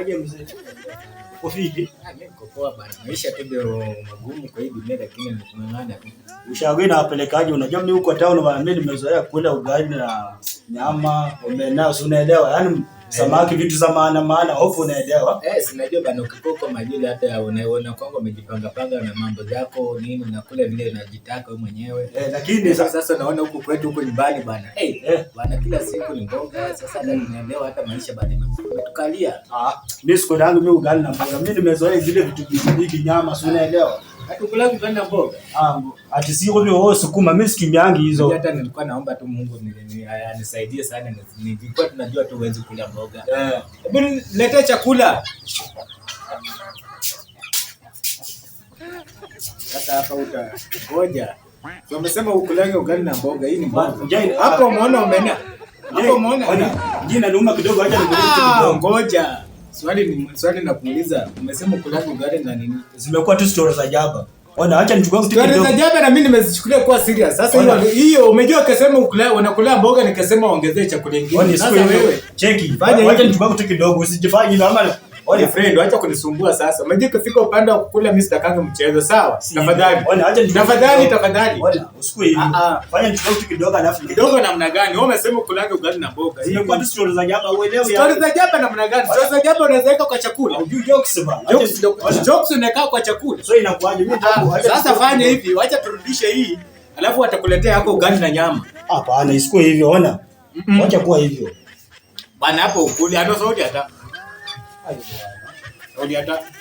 aje mzee. Ufike. Niko poa bana. Maisha tu ndio magumu kwa hii dunia lakini nimekung'ang'ana tu. Ushauri na wapelekaji, unajua mimi huko town bana mimi nimezoea kula ugali na nyama, omena, unaelewa. Yaani samaki, vitu za maana maana, hofu unaelewa. Eh, sinajua bana, ukikoko majili hata unaona kwangu umejipanga panga na mambo zako nini na kule vile unajitaka wewe mwenyewe. Eh, lakini eh, sasa naona huko kwetu huko nyumbani bana. Eh, eh, bana kila siku ni bonga sasa hata ninaelewa hata maisha bana tukalia. Ah, mimi siku yangu mimi ugali na mboga. Mimi nimezoea zile vitu vingi nyama, si unaelewa. Ah, ati siko vile wewe sukuma, mimi sikimbiangi hizo. Hata nilikuwa naomba tu Mungu anisaidie sana, nilikuwa tunajua tu huwezi kula mboga. Eh. Hebu niletee chakula. Hata hapa utangoja. Wamesema ukulage ugali na mboga, hii ni mboga. Hapo umeona umeona. Hapo umeona. Jina luma kidogo, acha nikuletee ah, kidogo. Ngoja. Swali ni swali na kuuliza, umesema kulanga gari na nini? Zimekuwa tu stories za jaba. Ona, acha nichukue mtu kidogo. Stories za jaba na mimi nimezichukulia kwa serious. Sasa hiyo hiyo umejua kasema ukula unakula mboga nikasema ongezee chakula kingine. Sasa wewe cheki, acha nichukue mtu kidogo usijifanye na Ole friend, acha kunisumbua sasa. Maji ukifika upande wa kula mimi sitakanga mchezo, sawa? Tafadhali. Ole, acha ni. Tafadhali, tafadhali. Ole, Usiku hivi. Ah, ah. Fanya nichukue kitu kidogo alafu. Kidogo namna gani? Wewe umesema kulanga ugali na mboga. Imekuwa tu story za jaba, uelewi ya. Story za japa namna gani? Story za japa unaweza weka kwa chakula. Unajua jokes bana. Jokes unakaa kwa chakula. So inakuaje? Mimi ndio. Ah, sasa fanya hivi, acha turudishe hii. Alafu atakuletea hapo ugali na nyama. Hapana, isikuwe hivyo, ona. Acha kuwa hivyo. Bana hapo ukuli, hata sauti hata. aja. Oh, Kalau dia ada